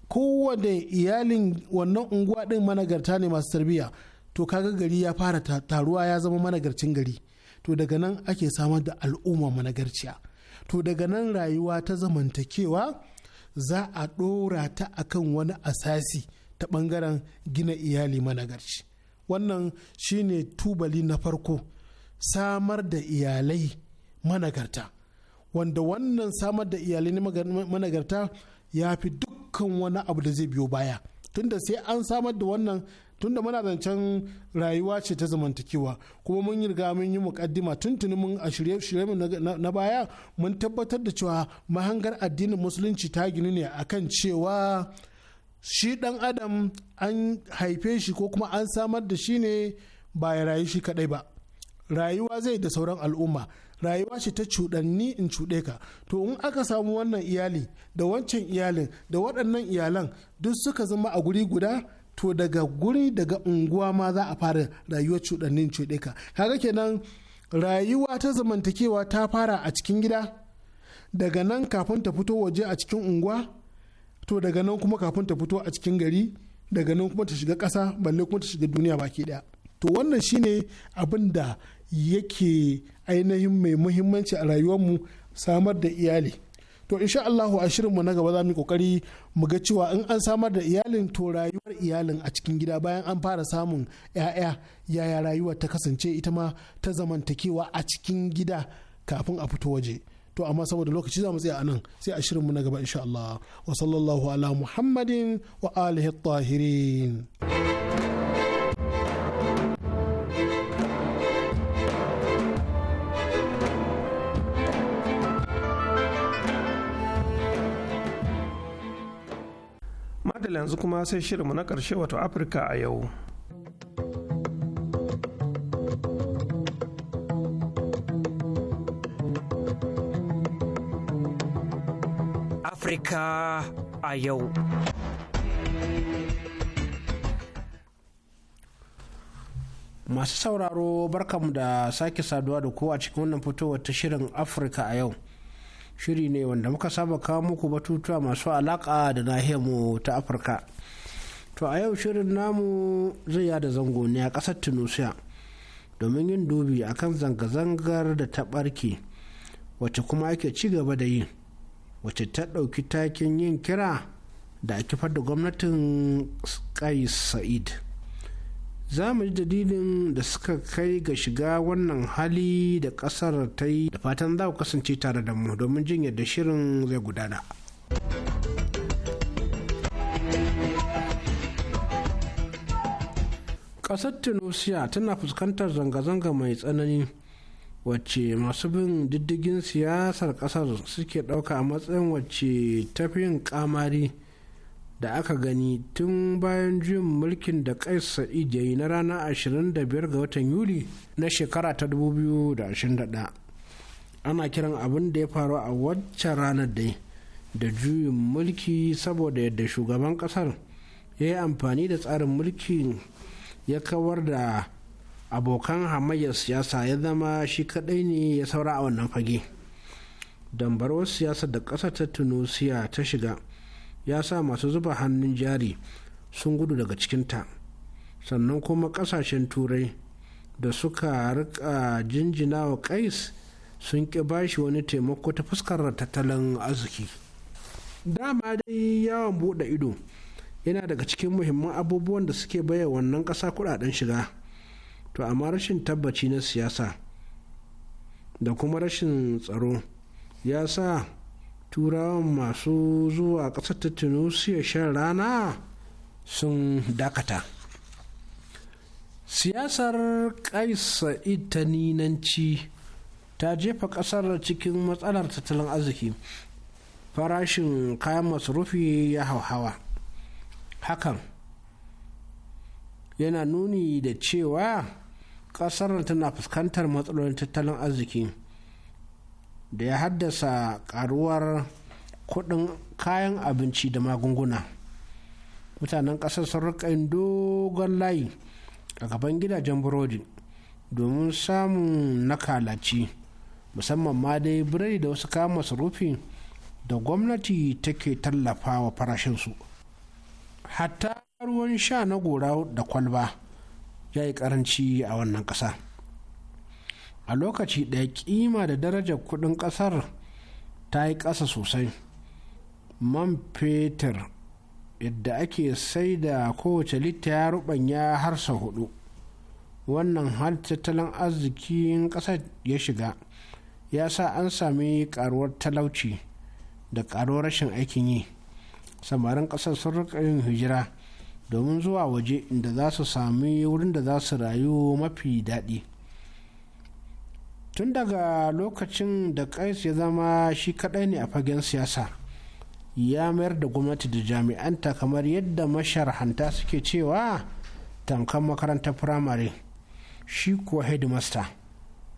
kowane iyalin wannan unguwa din managarta ne masu tarbiyya to kaga gari ya fara taruwa ya zama managarcin gari to daga nan ake samar da al'umma managarciya to daga nan rayuwa ta zamantakewa za a ɗora ta akan wani asasi ta ɓangaren gina iyali managarci wannan shine tubali na farko samar da iyalai managarta wanda wannan samar da iyalai managarta ya fi dukkan wani abu da zai biyo baya tunda sai an samar da wannan tunda muna zancen rayuwa ce ta zamantakewa kuma mun riga mun yi mukaddima tuntuni mun a shirye mu na baya mun tabbatar da cewa mahangar addinin musulunci ta ginu ne akan cewa shi dan adam an haife shi ko kuma an samar da shi ne ba ya rayu shi kadai ba rayuwa zai da sauran al'umma rayuwa ce ta cuɗanni in cuɗe ka to in aka samu wannan iyali da wancan iyalin da waɗannan iyalan duk suka zama a guri guda to daga guri daga unguwa ma za a fara rayuwar cuɗannin cuɗeka kaga kenan rayuwa ta zamantakewa ta fara a cikin gida daga nan kafin ta fito waje a cikin unguwa to daga nan kuma kafin ta fito a cikin gari daga nan kuma ta shiga ƙasa balle kuma ta shiga duniya baki ɗaya to wannan shine abin da yake ainihin mai muhimmanci a rayuwar mu samar da iyali to insha Allahu a shirinmu na gaba za mu kokari mu ga cewa in an samar da iyalin to rayuwar iyalin a cikin gida bayan an fara samun 'ya'ya yaya rayuwar ta kasance ita ma ta zamantakewa a cikin gida kafin a fito waje to amma saboda lokaci za mu tsaya a nan sai a shirinmu na gaba insha Allah wa sallallahu ala muhammadin wa alihi tahirin madalla yanzu kuma sai shirinmu na ƙarshe wato afirka a yau Afirka a yau. Masu sauraro barkamu da sake saduwa da kowa cikin wannan fitowar ta shirin Afirka a yau. shiri ne wanda muka saba kawo muku batutuwa masu alaka da nahiyarmu ta afirka to a yau shirin namu zai yada zango ne a ƙasar tunisia domin yin dubi akan zanga-zangar da ta ɓarke wacce kuma ake ci gaba da yi wacce ta ɗauki takin yin kira da a kifar da gwamnatin kai sa'id za mu ji dalilin da suka kai ga shiga wannan hali da kasar ta yi da fatan za ku kasance tare da mu domin jin yadda shirin zai gudana kasar tunisia tana fuskantar zanga-zanga mai tsanani wacce masu bin diddigin siyasar kasar suke ɗauka a matsayin wacce tafiyin yin kamari da aka gani tun bayan juyin mulkin da kaisa sa'id na ranar 25 ga watan yuli na shekara ta 2021 ana kiran abin da ya faru a waccan ranar dai da juyin mulki saboda yadda shugaban kasar ya yi amfani da tsarin mulkin ya kawar da abokan hamayyar siyasa ya zama shi kadai ne ya saura a wannan fage dambarwar siyasa da ƙasa ta tunisia ta shiga ya sa masu zuba hannun jari sun gudu daga cikinta sannan kuma kasashen turai da suka rika jinjina wa kais sun ƙi bashi wani taimako ta fuskar tattalin arziki dama dai yawon buɗe ido yana daga cikin muhimman abubuwan da suke baya wannan ƙasa kuɗaɗen shiga to amma rashin tabbaci na siyasa da kuma rashin tsaro ya sa turawan masu zuwa ƙasar ta tunisia shan rana sun dakata siyasar kaisa ita ninanci ta jefa ƙasar cikin matsalar tattalin arziki farashin kayan masarufi ya hauhawa hakan yana nuni da cewa ƙasar tana fuskantar matsalolin tattalin arziki da ya haddasa karuwar kudin kayan abinci da magunguna mutanen ƙasar sun rika dogon layi a gaban gidajen burodi domin samun nakalaci musamman ma dai birai da wasu kayan masarufi da gwamnati take tallafa wa farashinsu hatta ruwan sha na gora da kwalba ya yi karanci a wannan ƙasa. a lokaci ɗaya kima da daraja kudin ƙasar ta yi ƙasa sosai man fetur yadda ake sai da kowace litta ya rubanya har sau hudu wannan har tattalin arzikin ƙasar ya shiga ya sa an sami karuwar talauci da karuwar rashin aikin yi samarin ƙasar sun riƙa yin hijira domin zuwa waje inda za su sami wurin da za su rayu mafi daɗi tun daga lokacin da kais ya zama shi kadai ne a fagen siyasa ya mayar da gwamnati da jami'anta kamar yadda masharhanta suke cewa tankan makarantar firamare shi kuwa headmaster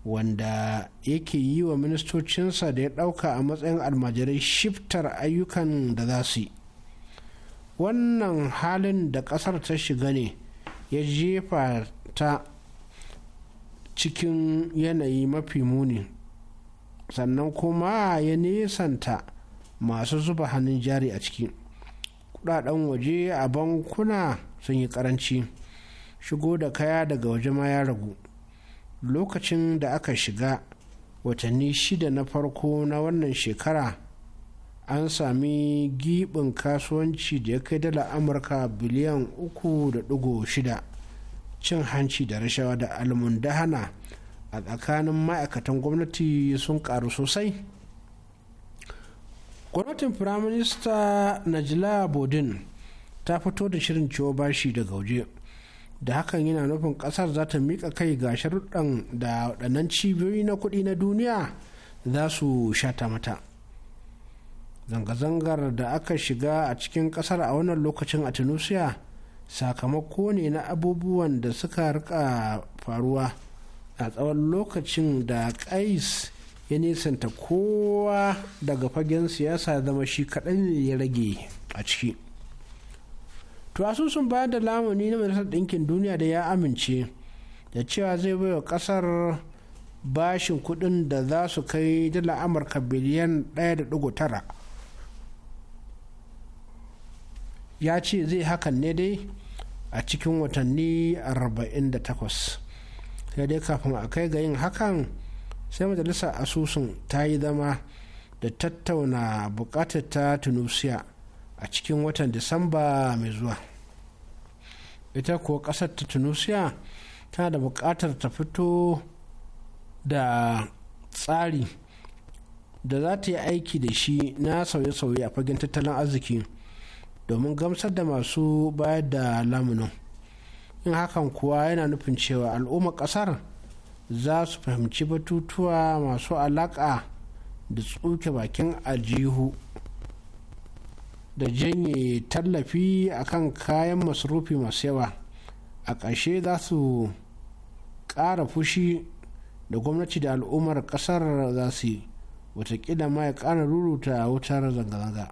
wanda yake yi wa ministocinsa da ya ɗauka a matsayin almajirai shiftar ayyukan da za su yi wannan halin da ƙasar ta shiga ne ya jefa ta cikin yanayi mafi muni sannan kuma ya nesanta masu zuba hannun jari a ciki kudaden waje a bankuna sun yi karanci shigo da kaya daga waje ma ya ragu lokacin da aka shiga watanni shida na farko na wannan shekara an sami giɓin kasuwanci da ya kai dala amurka biliyan 3.6 cin hanci da rashawa da almundahana a tsakanin ma'aikatan gwamnati sun karu sosai gwamnatin firaminista Najila bodin ta fito da shirin ciwo bashi daga waje da hakan yana nufin kasar za ta miƙa kai ga sharuɗan da waɗannan cibiyoyi na kuɗi na duniya za su shata mata zanga-zangar da aka shiga a cikin kasar a wannan lokacin a tunisia sakamako ne na abubuwan da suka rika faruwa a tsawon lokacin da kais ya nisanta kowa daga fagen siyasa zama shi kaɗan ne ya rage a ciki to asusun bayar da lamuni na majalisar ɗinkin duniya da ya amince da cewa zai baiwa ƙasar bashin kuɗin da za su kai dala amurka biliyan 1.9 ya ce zai hakan ne dai a cikin watanni 48 sai dai kafin a kai ga yin hakan sai majalisar asusun ta yi zama da tattauna bukatar ta tunusiya a cikin watan disamba mai zuwa ita kuwa kasar ta tunisia tana da bukatar ta fito da tsari da za ta yi aiki da shi na sauye-sauye a fagen tattalin arziki domin gamsar da masu bayar da lamunin in hakan kuwa yana nufin cewa al'ummar ƙasar za su fahimci batutuwa masu alaƙa da tsuke bakin aljihu da janye tallafi akan kayan masarufi masu yawa a ƙarshe za su ƙara fushi da gwamnati da al'ummar ƙasar za su yi watakila ma ya ƙara ruruta wutar zanga-zanga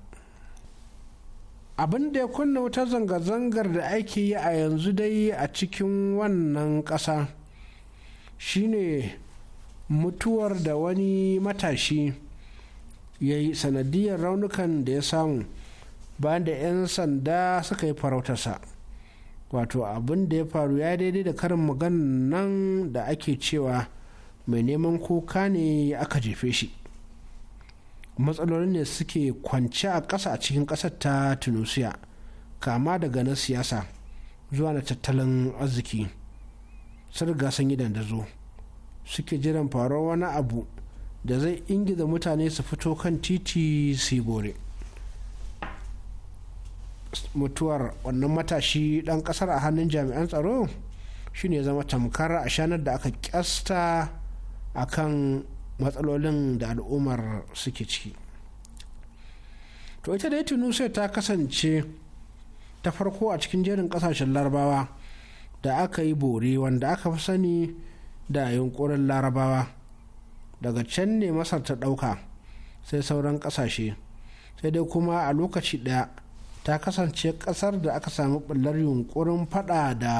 abin da ya kunna wuta zanga-zangar da ake yi a yanzu dai a cikin wannan ƙasa shine mutuwar da wani matashi ya yi sanadiyar raunukan da ya samu bayan da 'yan sanda suka yi farautarsa wato abin da ya faru ya daidai da karin maganan nan da ake cewa mai neman kuka ne aka jefe shi matsalolin ne suke kwance a ƙasa a cikin ƙasar ta tunisia kama daga na siyasa zuwa na tattalin arziki sun riga sun yi dandazo suke jiran faruwar wani abu da zai ingiza mutane su fito kan titi su bore mutuwar wannan matashi ɗan ƙasar a hannun jami'an tsaro shine zama tamkar a shanar da aka kyasta a kan matsalolin da al'ummar suke ciki to ita dai tunisia ta kasance ta farko a cikin jerin kasashen larabawa da aka yi bore wanda aka fi sani da yunkurin larabawa daga can ne masar ta ɗauka sai sauran kasashe sai dai kuma a lokaci ɗaya ta kasance ƙasar da aka sami ɓullar yunkurin faɗa da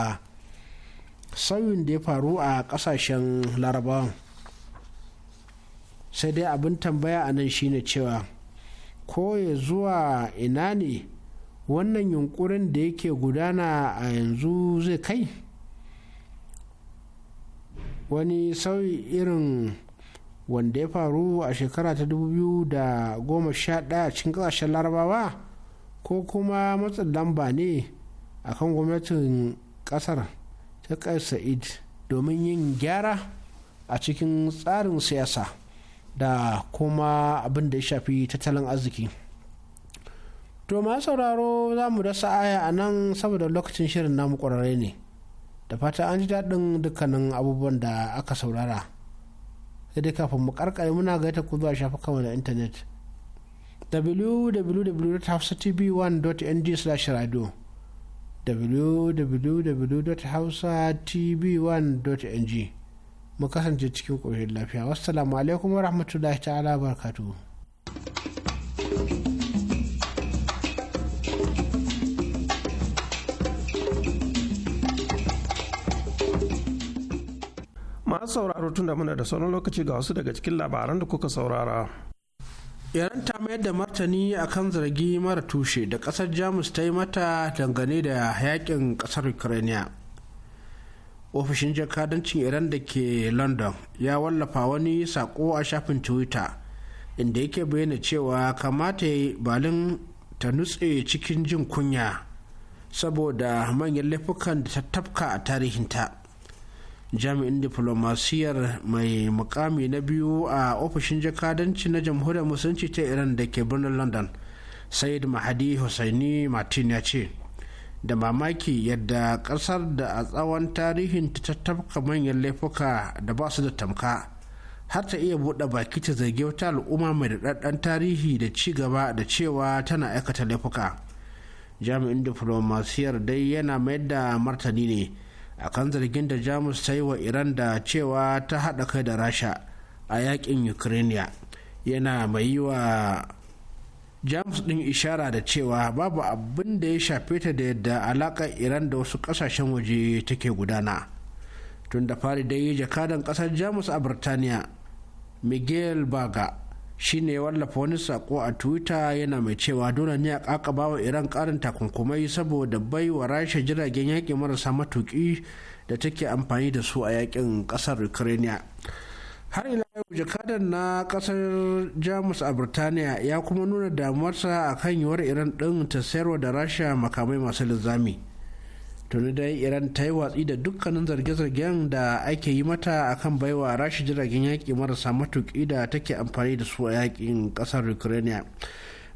sauyin da ya faru a kasashen larabawan sai dai abin tambaya a nan shine cewa ko ya zuwa ina ne wannan yunkurin da yake gudana a yanzu zai kai wani sauyi irin wanda ya faru a shekara ta 2011 cikin kasashen larabawa ko kuma matsin lamba ne a kan gwamnatin kasar ta kai sa'id domin yin gyara a cikin tsarin siyasa da kuma abin da ya shafi tattalin arziki to ma sauraro za mu dasa aya a nan saboda lokacin shirin namu ƙwararre ne da fata an ji daɗin dukkanin abubuwan da aka saurara sai dai kafin mu karkare muna gaita ku zuwa kama na intanet wwwhausatv 1ng radio www.hausatv1.ng mu kasance cikin ƙoshin lafiya wasu wassalamu alaikum warahmatullahi ta'ala barkatu masu sauraro tun da muna da sauran lokaci ga wasu daga cikin labaran da kuka saurara Iran ta mayar da martani a kan zargi mara tushe da kasar Jamus ta yi mata dangane da yakin kasar Ukraine. ofishin jakadancin iran da ke london ya wallafa wani sako a shafin twitter inda yake bayyana cewa kamata balin ta nutse cikin jin kunya saboda manyan laifukan da ta tafka a tarihinta jami'in diflomasiyyar mai mukami na biyu a ofishin jakadanci na jamhuriyar musulunci ta iran da ke birnin london said mahadi hussaini martin ya ce da mamaki yadda ƙasar da a tsawon tarihin ta tafka manyan laifuka da ba su da tamka har ta iya buɗe baki ta zargi wata al'umma mai daɗaɗɗen tarihi da ci gaba da cewa tana aikata laifuka jami'in diflomasiyar dai yana mayar da martani ne akan zargin da jamus ta yi wa iran da cewa ta haɗa kai da rasha a yakin ukraine yana mai yi wa jamus din ishara da cewa babu abin da ya shafe ta da yadda alakar iran da wasu kasashen waje take gudana tun da fari dai jakadan kasar jamus a birtaniya miguel baga shine ya wallafa wani sako a twitter yana mai cewa dole ne a kakaba wa iran karin takunkumai saboda bai wa rasha jiragen yaƙi marasa matuƙi da take amfani da su a yaƙin ƙasar ukraine har ila yau jakadan na kasar jamus a birtaniya ya kuma nuna damuwarsa a kan yiwuwar iran din ta sayarwa da rasha makamai masu linzami tuni dai iran ta yi watsi da dukkanin zarge-zargen da ake yi mata a kan baiwa rasha jiragen yaƙi marasa matuƙi da take amfani da su a yaƙin ƙasar ukraine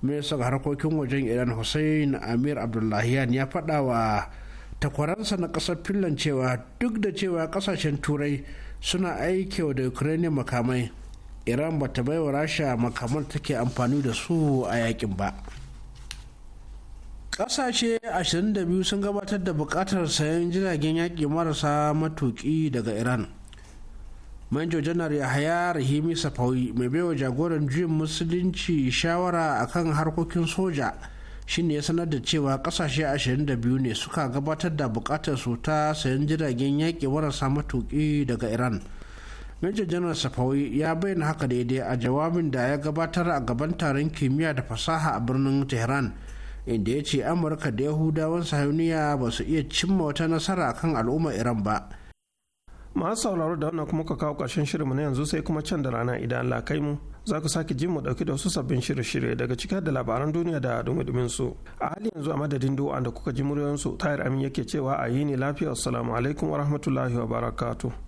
ministan harkokin wajen iran hussein amir abdullahian ya faɗa wa takwaransa na ƙasar finland cewa duk da cewa ƙasashen turai suna aiki da ukraine makamai iran ba bata baiwa rasha makamar take amfani da su a yakin ba ƙasashe 22 sun gabatar da buƙatar sayan jiragen yaƙi marasa matuƙi daga iran manjo janar yahaya rahimi safawi mai baiwa jagoran juyin musulunci shawara akan harkokin soja shine ya sanar da cewa kasashe 22 ne suka gabatar da bukatar su ta sayan jiragen yaƙi marasa matuƙi daga iran major general safawi ya bayyana haka daidai a jawabin da ya gabatar a gaban taron kimiyya da fasaha a birnin tehran inda ya ce amurka da yahudawan sahuniya ba su iya cimma wata nasara kan al'umma iran ba masu sauraro da wannan kuma ka kawo ƙarshen shirinmu na yanzu sai kuma can da rana idan allah kai mu za ku sake jin mu dauki da wasu sabbin shirye-shirye daga cikin da labaran duniya da dumudumin su a hali yanzu a madadin do'an da kuka ji muryoyin su tayar amin yake cewa a yi ne lafiya assalamu alaikum wa rahmatullahi wa barakatuh